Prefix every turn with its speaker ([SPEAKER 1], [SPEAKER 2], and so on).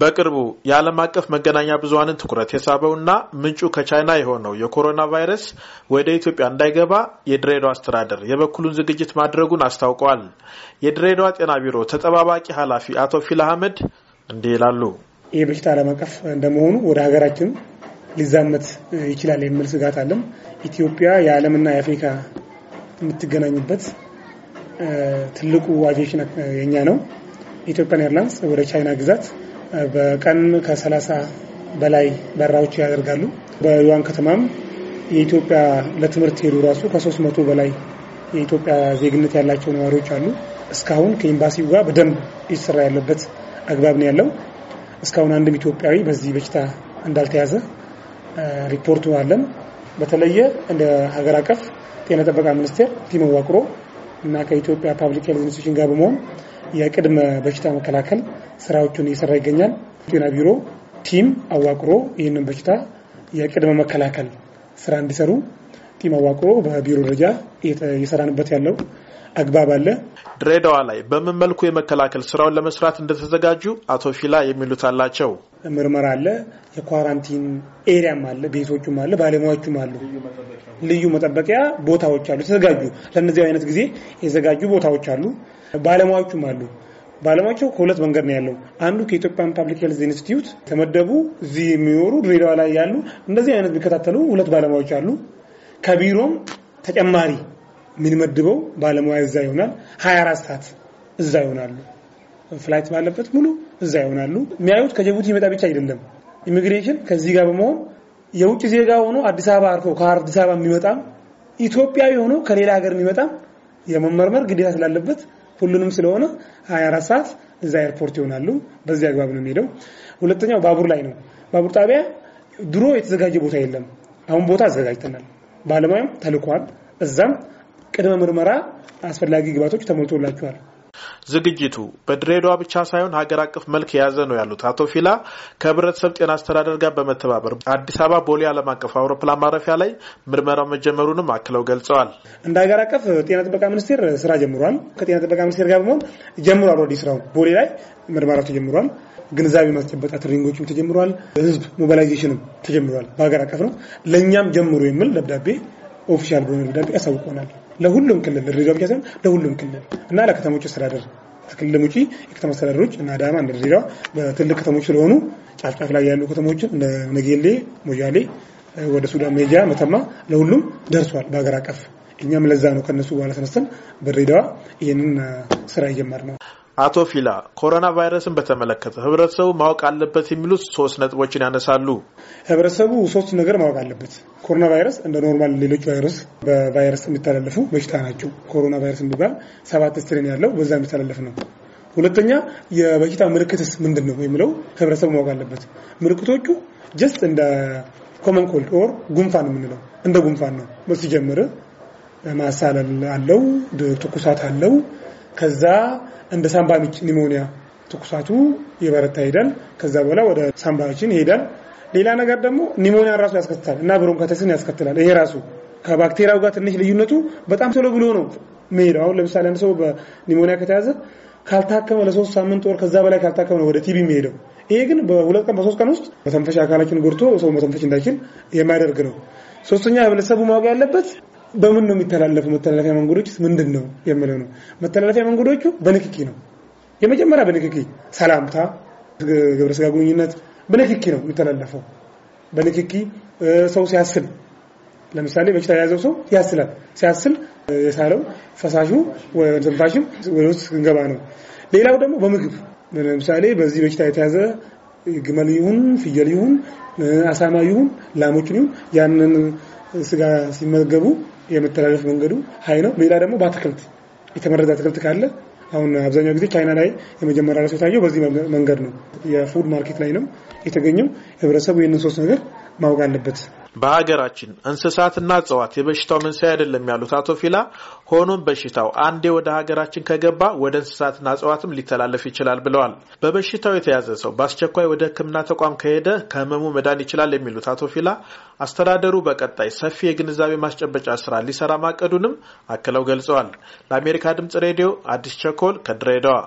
[SPEAKER 1] በቅርቡ የዓለም አቀፍ መገናኛ ብዙሀንን ትኩረት የሳበውና ምንጩ ከቻይና የሆነው የኮሮና ቫይረስ ወደ ኢትዮጵያ እንዳይገባ የድሬዳዋ አስተዳደር የበኩሉን ዝግጅት ማድረጉን አስታውቀዋል። የድሬዳዋ ጤና ቢሮ ተጠባባቂ ኃላፊ አቶ ፊል አህመድ እንዲህ ይላሉ።
[SPEAKER 2] ይህ በሽታ ዓለም አቀፍ እንደመሆኑ ወደ ሀገራችን ሊዛመት ይችላል የሚል ስጋት አለም። ኢትዮጵያ የዓለምና የአፍሪካ የምትገናኝበት ትልቁ አቪዬሽን የኛ ነው። ኢትዮጵያን ኤርላይንስ ወደ ቻይና ግዛት በቀን ከሰላሳ በላይ በራዎች ያደርጋሉ። በዩዋን ከተማም የኢትዮጵያ ለትምህርት ሄዱ ራሱ ከሶስት መቶ በላይ የኢትዮጵያ ዜግነት ያላቸው ነዋሪዎች አሉ። እስካሁን ከኤምባሲው ጋር በደንብ ይሰራ ያለበት አግባብ ነው ያለው። እስካሁን አንድም ኢትዮጵያዊ በዚህ በሽታ እንዳልተያዘ ሪፖርቱ አለን። በተለየ እንደ ሀገር አቀፍ ጤና ጥበቃ ሚኒስቴር ቲም አዋቅሮ እና ከኢትዮጵያ ፓብሊክ ሄልዝ ኢንስቲትዩሽን ጋር በመሆን የቅድመ በሽታ መከላከል ስራዎቹን እየሰራ ይገኛል። ጤና ቢሮ ቲም አዋቅሮ ይህንን በሽታ የቅድመ መከላከል ስራ እንዲሰሩ ቲም አዋቅሮ በቢሮ ደረጃ እየሰራንበት ያለው አግባብ አለ።
[SPEAKER 1] ድሬዳዋ ላይ በምን መልኩ የመከላከል ስራውን ለመስራት እንደተዘጋጁ አቶ ፊላ የሚሉት አላቸው።
[SPEAKER 2] ምርመራ አለ፣ የኳራንቲን ኤሪያም አለ፣ ቤቶቹም አለ፣ ባለሙያዎቹም አሉ። ልዩ መጠበቂያ ቦታዎች አሉ የተዘጋጁ ለእነዚህ አይነት ጊዜ የተዘጋጁ ቦታዎች አሉ፣ ባለሙያዎቹም አሉ። ባለሙያቸው ከሁለት መንገድ ነው ያለው። አንዱ ከኢትዮጵያን ፓብሊክ ሄልዝ ኢንስቲትዩት የተመደቡ እዚህ የሚኖሩ ድሬዳዋ ላይ ያሉ እንደዚህ አይነት የሚከታተሉ ሁለት ባለሙያዎች አሉ። ከቢሮም ተጨማሪ የምንመድበው ባለሙያ እዛ ይሆናል። 24 ሰዓት እዛ ይሆናሉ። ፍላይት ባለበት ሙሉ እዛ ይሆናሉ። የሚያዩት ከጅቡቲ ይመጣ ብቻ አይደለም። ኢሚግሬሽን ከዚህ ጋር በመሆን የውጭ ዜጋ ሆኖ አዲስ አበባ አርፎ ከአዲስ አበባ የሚመጣም ኢትዮጵያዊ ሆኖ ከሌላ ሀገር የሚመጣም የመመርመር ግዴታ ስላለበት ሁሉንም ስለሆነ 24 ሰዓት እዛ ኤርፖርት ይሆናሉ። በዚህ አግባብ ነው የሚሄደው። ሁለተኛው ባቡር ላይ ነው። ባቡር ጣቢያ ድሮ የተዘጋጀ ቦታ የለም። አሁን ቦታ አዘጋጅተናል። ባለሙያም ተልኳል። እዛም ቅድመ ምርመራ አስፈላጊ ግባቶች ተሞልቶላችኋል።
[SPEAKER 1] ዝግጅቱ በድሬዳዋ ብቻ ሳይሆን ሀገር አቀፍ መልክ የያዘ ነው ያሉት አቶ ፊላ ከህብረተሰብ ጤና አስተዳደር ጋር በመተባበር አዲስ አበባ ቦሌ ዓለም አቀፍ አውሮፕላን ማረፊያ ላይ ምርመራው መጀመሩንም አክለው ገልጸዋል።
[SPEAKER 2] እንደ ሀገር አቀፍ ጤና ጥበቃ ሚኒስቴር ስራ ጀምሯል። ከጤና ጥበቃ ሚኒስቴር ጋር በመሆን ጀምሯል። ወዲህ ስራው ቦሌ ላይ ምርመራው ተጀምሯል። ግንዛቤ ማስጨበጣ ትሬኒንጎችም ተጀምሯል። ህዝብ ሞባላይዜሽንም ተጀምሯል። በሀገር አቀፍ ነው። ለእኛም ጀምሩ የሚል ደብዳቤ ኦፊሻል በሆነ ደብዳቤ ያሳውቀናል። ለሁሉም ክልል ድሬዳዋ ብቻ ሳይሆን ለሁሉም ክልል እና ለከተሞች አስተዳደር ከክልልም ውጪ የከተማ አስተዳደሮች እና አዳማ እንደ ድሬዳዋ በትልቅ ከተሞች ስለሆኑ ጫፍጫፍ ላይ ያሉ ከተሞችን እንደ ነጌሌ፣ ሞያሌ፣ ወደ ሱዳን ሜጃ፣ መተማ ለሁሉም ደርሷል በሀገር አቀፍ። እኛም ለዛ ነው ከነሱ በኋላ ተነስተን በድሬዳዋ ይህንን ስራ ነው
[SPEAKER 1] አቶ ፊላ ኮሮና ቫይረስን በተመለከተ ህብረተሰቡ ማወቅ አለበት የሚሉት ሶስት ነጥቦችን ያነሳሉ።
[SPEAKER 2] ህብረተሰቡ ሶስቱ ነገር ማወቅ አለበት። ኮሮና ቫይረስ እንደ ኖርማል ሌሎች ቫይረስ በቫይረስ የሚተላለፉ በሽታ ናቸው። ኮሮና ቫይረስ የሚባል ሰባት ስትሬን ያለው በዛ የሚተላለፍ ነው። ሁለተኛ የበሽታ ምልክትስ ምንድን ነው የሚለው ህብረተሰቡ ማወቅ አለበት። ምልክቶቹ ጀስት እንደ ኮመን ኮልድ ኦር ጉንፋን የምንለው እንደ ጉንፋን ነው። ሲጀምር ማሳለል አለው፣ ትኩሳት አለው ከዛ እንደ ሳምባ ምች ኒሞኒያ ትኩሳቱ ይበረታ ይሄዳል። ከዛ በኋላ ወደ ሳምባችን ይሄዳል። ሌላ ነገር ደግሞ ኒሞኒያ ራሱ ያስከትላል እና ብሮንካይተስን ያስከትላል። ይሄ ራሱ ከባክቴሪያው ጋር ትንሽ ልዩነቱ በጣም ቶሎ ብሎ ነው የሚሄደው። አሁን ለምሳሌ አንድ ሰው በኒሞኒያ ከተያዘ ካልታከመ ለሶስት ሳምንት ወር ከዛ በላይ ካልታከመ ነው ወደ ቲቪ የሚሄደው። ይሄ ግን በሁለት ቀን በሶስት ቀን ውስጥ መተንፈሻ አካላችን ጎድቶ ሰው መተንፈሽ እንዳይችል የሚያደርግ ነው። ሶስተኛ ህብረተሰቡ ማወቅ ያለበት በምን ነው የሚተላለፉ መተላለፊያ መንገዶች ምንድን ነው የሚለው ነው። መተላለፊያ መንገዶቹ በንክኪ ነው። የመጀመሪያ በንክኪ ሰላምታ፣ ግብረ ስጋ ግንኙነት በንክኪ ነው የሚተላለፈው። በንክኪ ሰው ሲያስል ለምሳሌ በሽታ የያዘው ሰው ያስላል። ሲያስል የሳለው ፈሳሹ ትንፋሽም ወደ ውስጥ ስንገባ ነው። ሌላው ደግሞ በምግብ ለምሳሌ በዚህ በሽታ የተያዘ ግመል ይሁን ፍየል ይሁን አሳማ ይሁን ላሞችን ይሁን ያንን ስጋ ሲመገቡ የመተላለፍ መንገዱ ሀይ ነው። ሌላ ደግሞ በአትክልት የተመረዘ አትክልት ካለ አሁን አብዛኛው ጊዜ ቻይና ላይ የመጀመሪያ ላይ የታየው በዚህ መንገድ ነው። የፉድ ማርኬት ላይ ነው የተገኘው። ህብረተሰቡ ይህንን ሶስት ነገር ማወቅ አለበት።
[SPEAKER 1] በሀገራችን እንስሳትና እጽዋት የበሽታው መንስኤ አይደለም ያሉት አቶ ፊላ፣ ሆኖም በሽታው አንዴ ወደ ሀገራችን ከገባ ወደ እንስሳትና እጽዋትም ሊተላለፍ ይችላል ብለዋል። በበሽታው የተያዘ ሰው በአስቸኳይ ወደ ሕክምና ተቋም ከሄደ ከህመሙ መዳን ይችላል የሚሉት አቶ ፊላ አስተዳደሩ በቀጣይ ሰፊ የግንዛቤ ማስጨበጫ ስራ ሊሰራ ማቀዱንም አክለው ገልጸዋል። ለአሜሪካ ድምጽ ሬዲዮ አዲስ ቸኮል ከድሬዳዋ